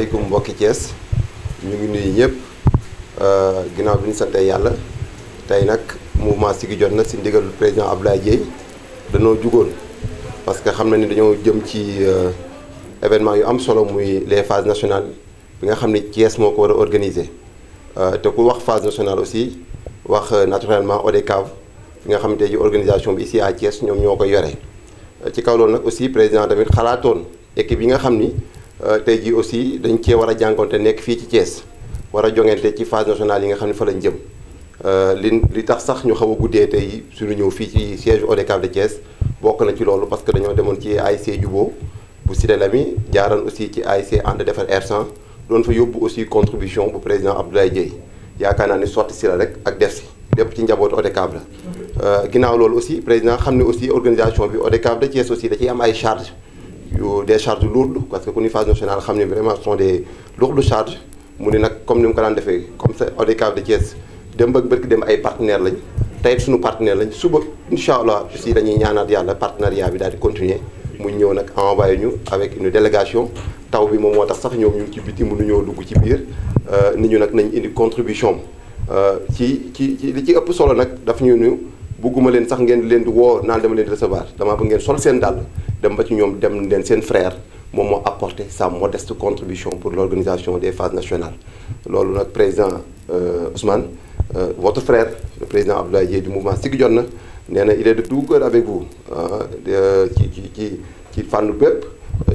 asalaamaaleykum mbokki Thiès ñu ngi nuyu ñëpp euh, ginnaaw bi ñu santee yàlla tey nag mouvement Siggi jot na si ndigal président Abdoulaye Dièye dañoo jugoon parce que xam na ni dañoo jëm ci euh, événement yu am solo muy les phases nationales bi nga xam ni Thiès moo ko war a organiser euh, te ku wax phase nationale aussi wax naturellement ODCAV bi nga xam ni ji organisation bi ici à ñoom ñoo koy yore ci kaw loolu nag aussi président tamit xalaatoon équipe yi nga xam ni. Euh, tey jii aussi dañ cee war a jànkonte nekk fii ci Thiès war a jongante ci phase nationale yi nga xam ne fa lañ jëm euh, li li tax sax ñu xaw a guddee tey suñu ñëw fii ci siège ODCAV de Thiès bokk na ci loolu parce que dañoo demoon ci AIC Jubo bu Cité Lamy jaaran aussi ci AIC ànd defar R100 doon fa yóbbu aussi contribution bu président Abdoulaye Dieye yaakaar naa ni sotti si la rek ak def si lépp ci njabootu ODCAV la euh, ginnaaw loolu aussi président xam ne aussi organisation bi ODCAV de Thiès aussi am ay charge yu des charges lourdes parce que ku ni phase nationale xam ni vraiment ce sont des lourdes charges mu ne nag comme ni mu ko daan defee comme ça ODCAV de Thiès dem ba bëgg dem ay partenaires lañ tey suñu partenaire lañ suba incha allah aussi dañuy ñaanaat yàlla partenariat bi daal di continuer mu ñëw nag envoyé ñu avec une délégation taw bi moom moo tax sax ñoom ñu ngi ci biti mënuñoo dugg ci biir euh, nit ñu nag nañ indi contribution euh, ci ci ci li ci ëpp solo nag daf ñu ñu bugguma leen sax ngeen leen di woo naan dama leen di recevoir damaa bëgg ngeen sol seen dàll dem ba ci ñoom dem leen seen frère moom moo apporté sa modeste contribution pour l'organisation des phases nationales loolu nag président euh, Ousmane euh, votre frère le président Abdoulaye Dièye du mouvement Siggi Jotna nee na il est de tout cœur avec vous ah, ci ci ci ci fànn bépp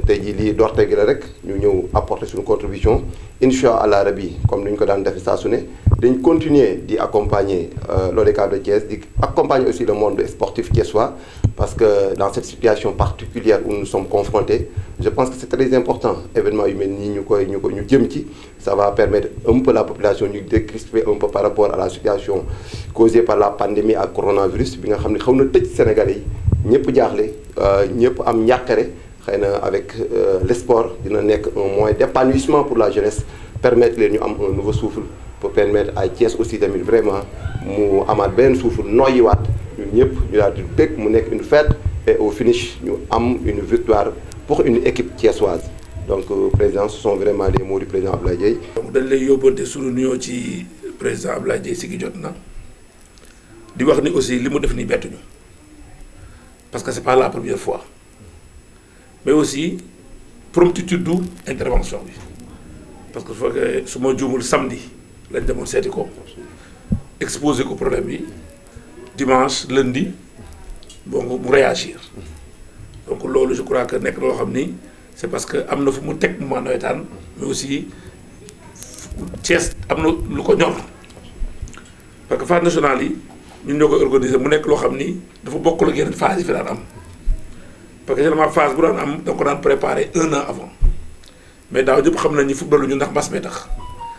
tey jii lii dorte gi la rek ñu ñëw apporte suñu contribution incha allah rabi comme ni ñu ko daan defee saa dañ continuer di accompagner euh, l'ODCAV de Thiès di accompagner aussi le monde sportif thiessois parce que dans cette situation particulière où nous sommes confrontés je pense que c'est très important événement yu mel nii ñu koy ñu ko ñu jëm ci ça va permettre un peu la population ñu décrisper un peu par rapport à la situation causée par la pandémie ak coronavirus bi nga xam ne xaw na tëj Sénégalais yi ñëpp jaaxle euh, ñëpp am ñàkkare xëy na avec euh, le sport dina nekk un moyen d'épanouissement pour la jeunesse permettre leen ñu am un nouveau pour permettre ay Thiès aussi tamit vraiment mu amaat benn suufu noyyiwaat ñun ñëpp ñu daal di bëgg mu nekk une fête et au finish ñu am une victoire pour une équipe thiessoise donc euh, président ce sont vraiment les mots du président Abdoulaye Dièye. dañ lay yóbbante suñu nuyoo ci président Abdoulaye Dièye si gi jot na di wax ni aussi li mu def nii bettuñu parce que c'est pas la première fois mais aussi promptitude du intervention bi parce que su ma juumul samedi. lañ demoon seeti ko exposé ko problème yi dimanche lundi bon bu réagir donc loolu je crois que nekk loo xam ni c'est parce que am na fu mu teg moment nawetaan mais aussi Thiès am na lu ko ñor parce que phase nationale yi ñun ñoo koy organiser mu nekk loo xam ni dafa bokkul ak yeneen phase yi fi daan am parce que généralement phase bu daan am da nga ko daan préparer un an avant mais daaw ñëpp xam nañu football ñu ndax mbas mee tax.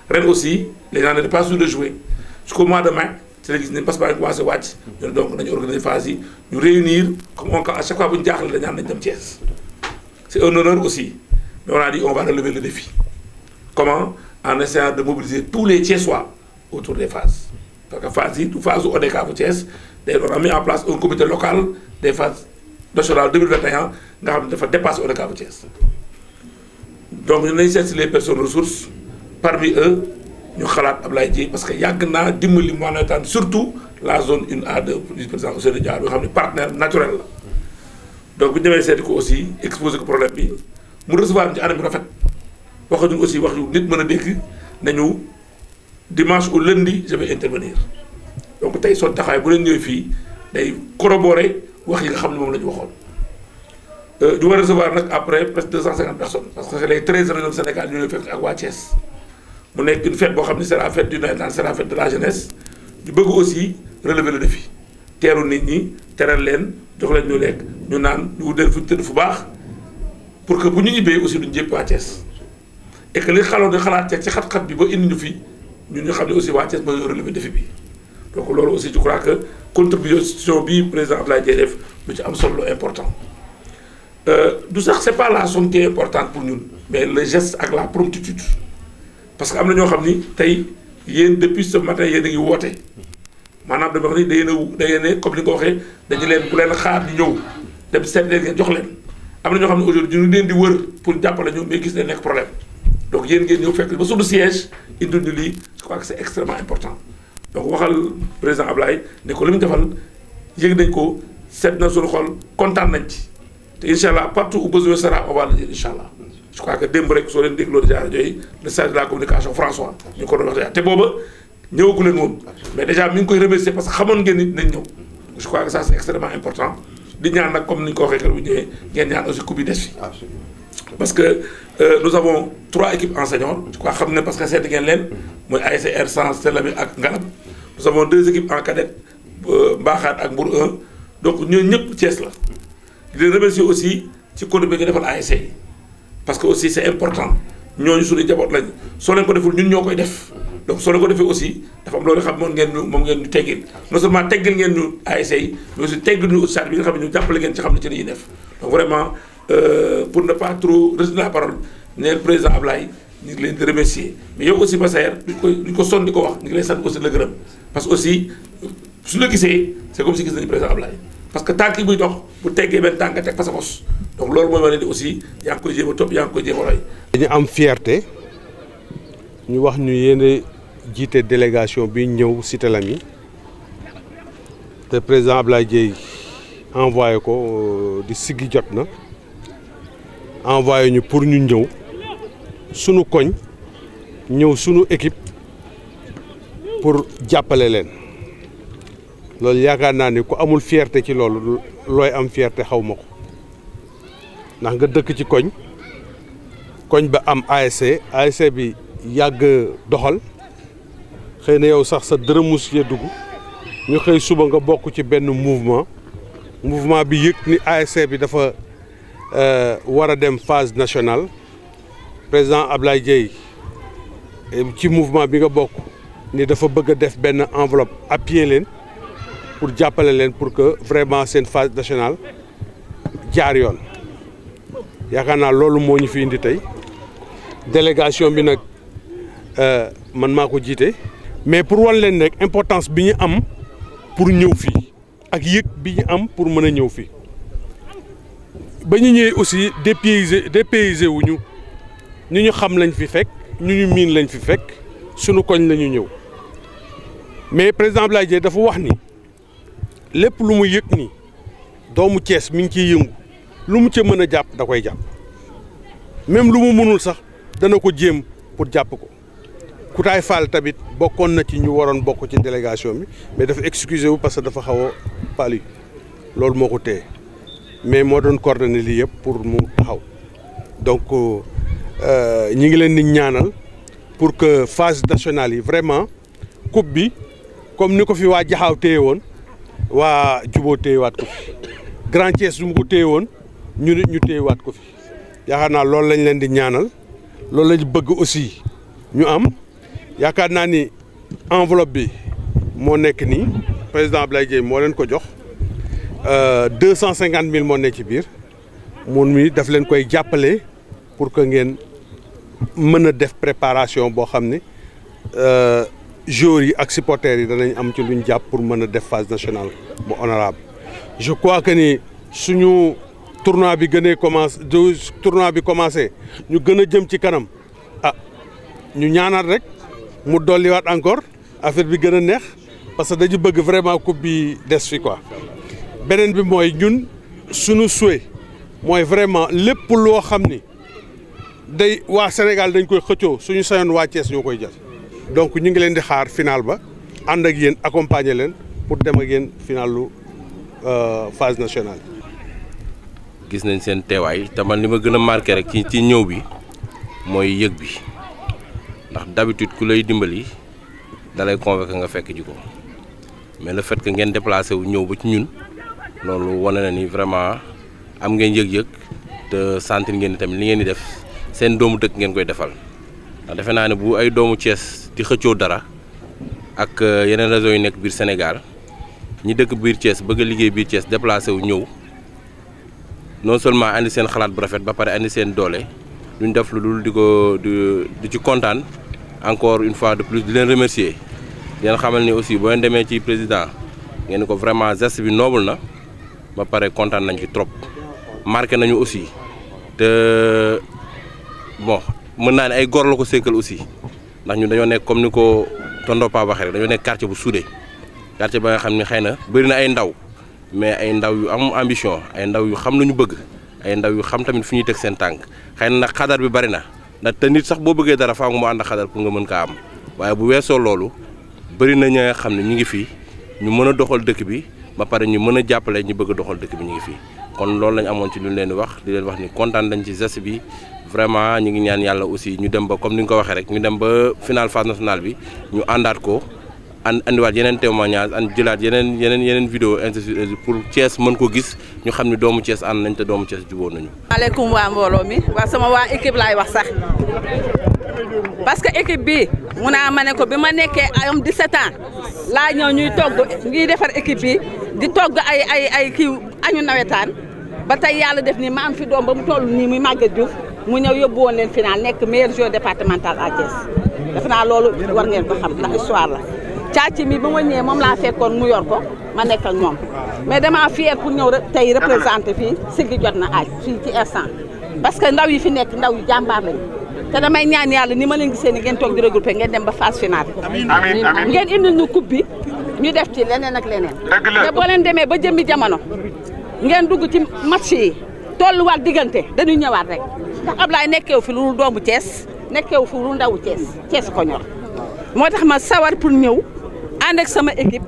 ren aussi les gens n'étaient pas sûrs de jouer jusqu'au mois de mai ci la gis ne passe baa ngi commencé wàcc ñun donc nañu organiser phase ñu aussi mais on a le défi comment en essayant de mobiliser tous les Thiessois autour des phases parce a mis en place un comité local des phases nationales 2021 nga xam ne dafa dépassé ODK bu ñu nañ seet si les personne ressources parmi eux ñu xalaat Ablaye Dièye parce que yàgg naa dimbali maanaam surtout la zone une a de du président Ousseynou Diar yoo xam ni partenaire naturel la donc bu ñu demee seeti ko aussi exposé ko problème bi mu recevoir ci anam bi rafet waxatuñu aussi wax yu nit mën a dégg nañu dimanche au lundi je vais intervenir donc tey soo taxawaay bu leen ñëwee fii day corroborer wax yi nga xam ne moom la ñu waxoon. ñu war a recevoir nag après presque deux cent cinquante personnes que les treize régions du Sénégal mu nekk une fête boo xam ne sera fête du navétane sera fête de la jeunesse ñu bëgg aussi relever le défi teeru nit ñi teral leen jox leen ñu lekk ñu naan ñu wutal fu tëdd fu baax pour que bu ñu ñibbee aussi duñ ñu waa Thiès et que li xaloon di xalaat Thiès ci xat-xat bi ba indi ñu fi ñun ñu xam ne aussi waa Thiès mooy relever défi bi donc loolu aussi je crois que contribution bi président Abdoulaye Dièye def lu ci am solo important euh, du sax c'est pas la somme qui est pour ñun mais le geste ak la promptitude parce que am na ñoo xam ni tey yéen depuis ce matin yéen a ngi woote maanaam dama wax ni day ne day ne comme ni nga waxee dañu leen bu leen xaar ñu ñëw dem seet leen jox leen am na ñoo xam ne aujourd'hui ñu leen di wër pour jàppale ñu mais gis ne nekk problème donc yéen ngeen ñëw fekk ba suñu siège indil ñu lii je crois que c'est extrêmement important donc waxal président Ablaye ne ko li mu defal yëg nañ ko seet na suñu xol kontaan nañ ci te incha allah partout où besoin sera on va allah. je crois que démb rek soo leen dégloo déjà rajo yi le chargé de la communication François ñu ko doon wax te booba ñëwagu leen mais déjà mi ngi koy remercier parce que xamoon ngeen ni dinañ ñëw je crois que ça c'est extrêmement important di ñaan nag comme ni ñu ko waxee bu ñëwee ngeen ñaan aussi coupe bi des parce que euh, nous avons trois équipes enseignantes je crois xam ne parce que seeti ngeen leen mooy ASR 100 Selami ak Ngalab nous avons deux équipes euh, ak Mbour 1 ñëpp Thiès la di leen ci côté bi nga parce que aussi c' est important ñooñu suñu njaboot lañ soo leen ko deful ñun ñoo koy def donc soo leen ko defee aussi dafa am loolu xam moom ngeen ñu moom ngeen ñu teggil non seulement teggil ngeen ñu ASC yi mais aussi teggil ñu ustaat bi nga xam ne ñu jàppale ngeen ci xam ne ci la ñuy def donc vraiment euh, pour ne pas trop retenir la parole neel président Ablaye ñu ngi leen remercier mais yow aussi Massaer duñ ko duñ ko sonn di ko wax ñu ngi lay aussi la gërëm parce que aussi suñu la gisee parce que tànk yi dox bu teggee benn tànk teg fa sa bos donc loolu mooy wane ni aussi yaa ngi koy jéem a topp yaa koy jéem a roy. dañu am fierté ñu wax ñu yéen jiite délégation bi ñëw Cité Lamy te président Ablaye Dièye envoyé ko euh, di siggi jot na envoyé ñu pour ñu ñëw sunu koñ ñëw sunu équipe pour jàppale leen. loolu yaakaar naa ni ku amul fierté ci loolu looy am fierté xaw ma ko ndax nga dëkk ci koñ koñ ba am ASC ASC bi yàgg doxal xëy na yow sax sa dërëm mus cee dugg ñu xëy suba nga bokk ci benn mouvement mouvement bi yëg ni ASC bi dafa euh, war a dem phase nationale président Ablaye Dieye ci mouvement bi nga bokk ni dafa bëgg a def benn enveloppe appuyer leen pour jàppale leen pour que vraiment seen phase nationale jaar yoon yaakaar naa loolu moo ñu fi indi tey délégation bi nag euh, man maa ko jiite mais pour wan leen nekk importance bi ñu am pour ñëw fii ak yëg bi ñu am pour mën a ñëw fii ba ñu ñëwee aussi dépaysé dépaysé wuñu ñu ñu xam lañ fi fekk ñu ñu miin lañ fi fekk sunu koñ la ñu ñëw mais président Abdoulaye Dièye dafa wax ni. lépp lu mu yëg nii doomu Cees mi ngi ciy yëngu lu mu ca mën a jàpp da koy jàpp même lu mu mënul sax dana ko jéem pour jàpp ko Koutaay Fall tamit bokkoon na ci ñu waroon bokk ci délégation bi mais dafa excusé wu parce que dafa xaw a pali loolu moo ko téye mais moo doon coordonné lii yëpp pour mu taxaw donc euh, euh, ñi ngi leen di ñaanal pour que phase nationale yi vraiment coupe bi comme ni ko fi waa jaxaw téye woon waa juboo téyewaat ko fi Grand Thiès mu ko téye woon ñu nit ñu ko fi yaakaar naa loolu lañ leen di ñaanal loolu lañ bëgg aussi ñu am yaakaar naa ni enveloppe bi moo nekk nii président Ablaye Dieye moo leen ko jox euh, deux cent cinquante mille moo nekk ci biir mun mi daf leen koy jàppale pour que ngeen mën a def préparation boo xam ne joueurs yi ak supporters yi danañ am ci luñ jàpp pour mën a def phase nationale bu honorable je crois que ni suñu tournoi bi gënee commencé tournoi bi commencé ñu gën a jëm ci kanam ah ñu ñaanaat rek mu dolliwaat encore affaire bi gën a neex parce que dañu bëgg vraiment coupe bi des fi quoi beneen bi mooy ñun suñu souhait mooy vraiment lépp loo xam ni day waa Sénégal dañ koy xëccoo suñu sañoon waa Thiès ñoo koy jal donc ñu ngi leen di xaar final ba ànd ak yéen accompagner leen pour dem ak yéen finalu euh, phase nationale. gis nañ seen teewaay te man li ma gën a marqué rek ci ci ñëw bi mooy yëg bi ndax d'habitude ku lay dimbali dalay convaincre nga fekk ji ko mais le fait que ngeen déplacé wu ñëw ba ci ñun loolu wane na ni vraiment am ngeen yëg-yëg te sentir ngeen ni tamit li ngeen di def seen doomu dëkk ngeen koy defal ndax defe naa ne bu ay doomu Cees di xëccoo dara ak euh, yeneen réseau yu nekk biir Sénégal ñi dëkk biir Thiès bëgg a liggéey biir Thiès déplacé wu ñëw non seulement andi seen xalaat bu rafet ba pare andi seen doole duñ def lu dul di ko di ci kontaan encore une fois de plus di leen remercier di xamal ni aussi boo leen demee ci président ngeen ko vraiment geste bi noble na ba pare kontaan nañ ci trop marqué nañu aussi te bon mën naa ne ay gor la ko sékkal aussi. ndax ñu dañoo nekk comme ni ko tondo Pa waxee rek dañoo nekk quartier bu soudé quartier ba nga xam ne xëy na bëri na ay ndaw mais ay ndaw yu am ambition ay ndaw yu xam na ñu bëgg ay ndaw yu xam tamit fu ñuy teg seen tànk xëy na nag xadar bi bari na ndax te nit sax boo bëggee dara faaw nga mu ànd xadar pour nga mën kaa am waaye bu weesoo loolu bëri na ñi nga xam ne ñu ngi fii ñu mën a doxal dëkk bi ba pare ñu mën a jàppale ñu bëgg a doxal dëkk bi ñu ngi fii kon loolu lañ amoon ci lu leen di wax di leen wax ni kontaan lañ ci geste bi vraiment ñu ngi ñaan yàlla aussi ñu dem ba comme ni nga ko waxee rek ñu dem ba final phase nationale bi ñu àndaat ko an andiwaat yeneen témoignage an jëlaat yeneen yeneen yeneen vidéo institut pour Thiès mën ko gis ñu xam ne doomu Thiès ànd nañ te doomu Thiès jubóo nañu. maaleykum waa mbooloo mi waa sama waa équipe laay wax sax parce que équipe bi mun naa ma ne ko bi ma nekkee am 17 ans laa ñëw ñuy togg ngiy defar équipe yi di togg ay ay ay kii añu nawetaan ba tey yàlla def nii ma am fi doom ba mu toll nii muy Maguette Diouf. mu ñëw yóbbu woon leen final nekk meilleur joueur départemental à Thiès def naa loolu war ngeen ba xam ndax histoire la caaci mi ba ma ñëwee moom laa fekkoon mu yor ko ma nekk ak moom mais dama fier pour ñëw tey représenté fii siggi jot na aaj fii ci instant parce que ndaw yi fi nekk ndaw yu jàmbaar lañu te damay ñaan yàlla ni ma leen gisee ni ngeen toog di regroupé ngeen dem ba phase finale ngeen indil ñu coupe bi ñu def ci leneen ak leneen te boo leen demee ba jëmmi jamono ngeen dugg ci match yi tolluwaat diggante dañuy ñëwaat rek ndax Ablaye nekkeew fi lu doomu cees nekkeew fi lu ndawu Thiès Thiès ko ñor moo tax ma sawar pour ñëw ànd ak sama équipe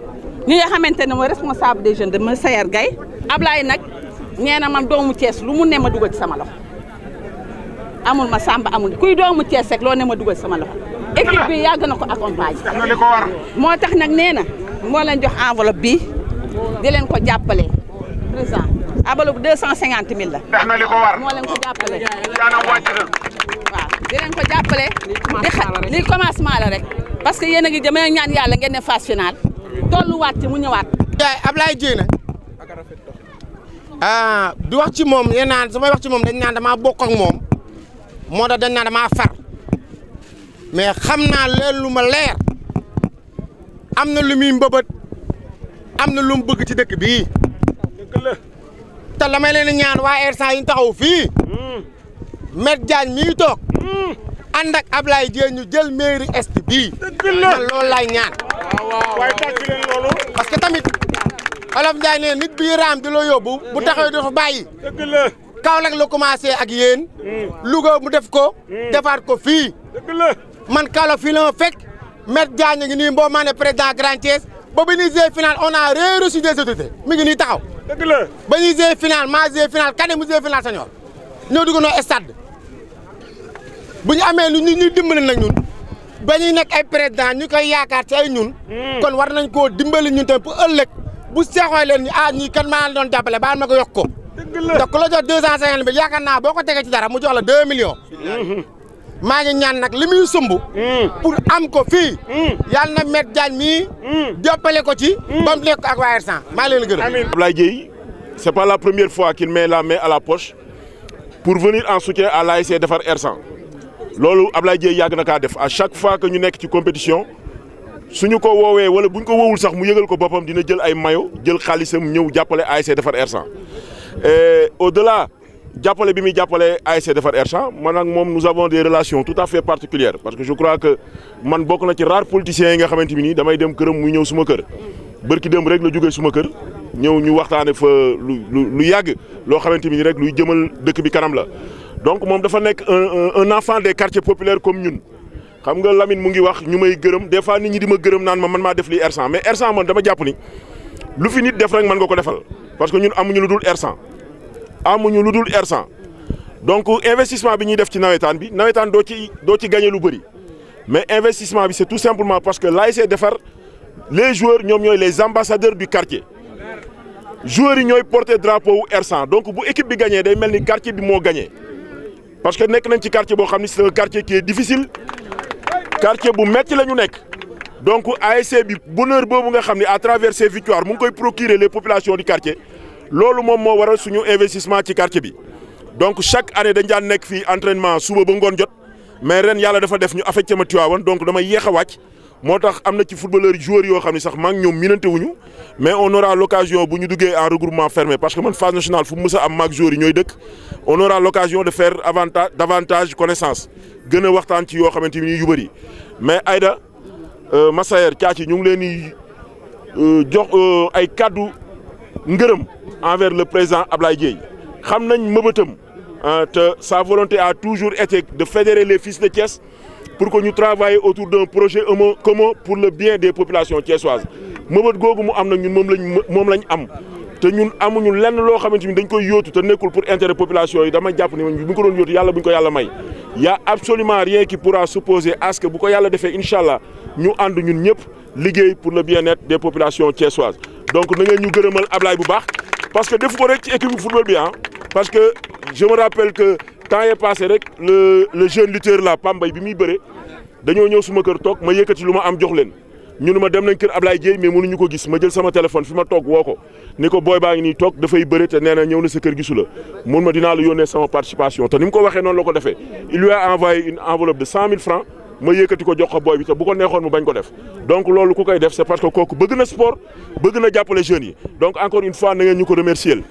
ñi nga xamante ne mooy responsable des jeunes de ma Sayar gay ablaay nag nee na man doomu cees lu mu ne ma dugal ci sama loxo amul ma sàmba amul kuy doomu Thiès rek loo ne ma dugal sama loxo équipe bi yàgg na ko accompagner moo tax nag nee na moo leen jox enveloppe bi di leen ko jàppale abalu deux cent cinquante mille la. ndax na li ko war moo leen ko jàppale. di leen ko jàppale. li rek. parce que yéen a ngi jëm ñaan yàlla ngeen ne phase finale. tolluwaat ci mu ñëwaat. jaay Ablaye Dieng. ah wax ci moom yéen naan samay wax ci moom dañ naan damaa bokk ak moom moo tax dañ naan damaa far mais xam naa leen lu ma leer am na lu muy mbëbët am na lu mu ci dëkk bii. te la may ñaan waa Hersent yi ñu taxaw fii hmm. Maître Diagne mii toog hmm. ànd ak Ablaye ñu jël mairie est bii man loolu ñaan waaye parce que tamit olof Ndiaye ne nit bii di la yóbbu bu hmm. taxaw dafa bàyyi Kaolack la commencé ak yéen Louga mu def ko defaat ko fii man Kaolack fii la ma fekk Maître Diagne ngi nii mboo maa ne président Grand Thiès ba bi ni final on mi ngi nii taxaw dëgg la ba ñuy jouer final maa jouer final kan mu jouer final sañor ñëw dugg noo stade bu ñu amee lu ñu ñu dimbali nag ñun ba ñuy nekk ay président ñu koy yaakaar ci ay ñun. Hmm. kon war nañ koo dimbali ñun tamit pour ëllëg bu seexoo leen ñu ah ñii kan maa la doon jàppale baal ma ko yokk ko. ku la jox deux cent cinquante yaakaar naa boo ko tegee ci dara mu jox la deux maa ngi ñaan nag li muy sumb. Hmm. pour am ko fii. Hmm. yàlla na met Diagne mii. Hmm. jàppale ko ci. ba mu nekk ak waa Hersent maa ngi leen di gërëm. amiin Abdoulaye Dieye c' est pas la première fois qu' il la main à la poche pour venir en soutien à l' ASC Defar Hersent loolu Abdoulaye Dieye yàgg na kaa def à chaque fois que ñu nekk ci compétition suñu ko woowee wala buñ ko woowul sax mu yëgal ko boppam dina jël ay mayo jël xaalisam ñëw jàppale ASC Defar Hersent et au delà. jàppale bi muy jàppale ASC defar Hersha man ak moom nous avons des relations tout à fait particulières parce que je crois que man bokk na ci rares politiciens yi nga xamante bi nii damay dem këram muy ñëw suma kër bërki dem rek la jógee suma kër ñëw ñu waxtaane fa lu lu yàgg loo xamante bi nii rek luy jëmal dëkk bi kanam la donc moom dafa nekk un un enfant des populaire comme ñun xam nga Lamine mu ngi wax ñu may gërëm des fois nit ñi di ma gërëm naan ma man maa def lii Hersha mais Hersha man dama jàpp fi nit def rek nga ko defal parce que ñun amuñu lu dul Hersha amuñu lu dul R100 donc investissement bi ñuy def ci nawetaan bi nawetaan doo ci doo ci gagné lu bëri mais investissement bi c'est tout simplement parce que l'ASC Defar les joueurs ñoom ñooy les ambassadeurs du quartier joueurs yi ñooy porter drapeau wu r donc bu équipe bi gañee day mel ni kartie bi moo gañee parce que nekk nañ ci quartier boo xam ni si un quartier qui est difficile bu metti la ñu nekk donc ASC bi bonheur boobu nga xam ni à travers ces mu ngi koy procurer les populations du quartier loolu moom moo waral suñu investissement ci quartier bi donc chaque année dañ daan nekk fii entraînement suba ba ngoon jot mais ren yàlla dafa def ñu affecté ma Tivaouane donc dama yéex a wàcc moo tax am na ci footballeur joueurs yoo xam ni sax maa ñoom minante wuñu mais on aura l'occasion bu ñu duggee en regroupement fermé parce que man phase nationale fu mu a am maag joueurs yi ñooy dëkk on aura l'occasion de faire avantage davantage connaissance gën a waxtaan ci yoo xamante ni yu bëri mais Aïda euh, Massaer Thiathy ñu ngi leen di euh, jox euh, ay envers le président Ablaye Dieye xam nañ mëbëtam te sa volonté a toujours été de fédérer le fils de Thiès pour que ñu travailler autour d'un projet commun pour le bien des populations thiessoises mëbët googu mu am nag ñun moom lañ moom lañ am te ñun am amuñu lenn loo xamante ni dañ koy yóotu te nekkul pour intérêt population yi dama jàpp ni bu ñu ko doon yóotu yàlla bu ñu ko yàlla may y a absolument rien qui pourra s'opposer à ce bu ko yàlla defee incha allah ñu ànd ñun ñëpp liggéey pour le bien des populations thiessoises donc na ñu bu baax parce que defu ko rek ci équipe football bi ah parce que je me rappelle que temps est passé rek le le jeune lutteur là Pambay bi muy bëre dañoo ñëw suma kër toog ma yëkkati lu ma am jox leen ñu ne ma dem nañ kër Ablaye Dieye mais mënuñu ko gis ma jël sama téléphone fi ma toog woo ko ni ko booy baa ngi nii toog dafay bëre te nee na ñëw na sa kër gisu la mun ma dinaa la yónnee sama participation te ni mu ko waxee noonu la ko defee il lui a envoyé une enveloppe ma yëkkati ko jox ko booy bi te bu ko neexoon mu bañ ko def donc loolu ku koy def c'est parce que kooku bëgg na sport bëgg na jàppale jeunes yi donc encore une fois na ñu ko remercier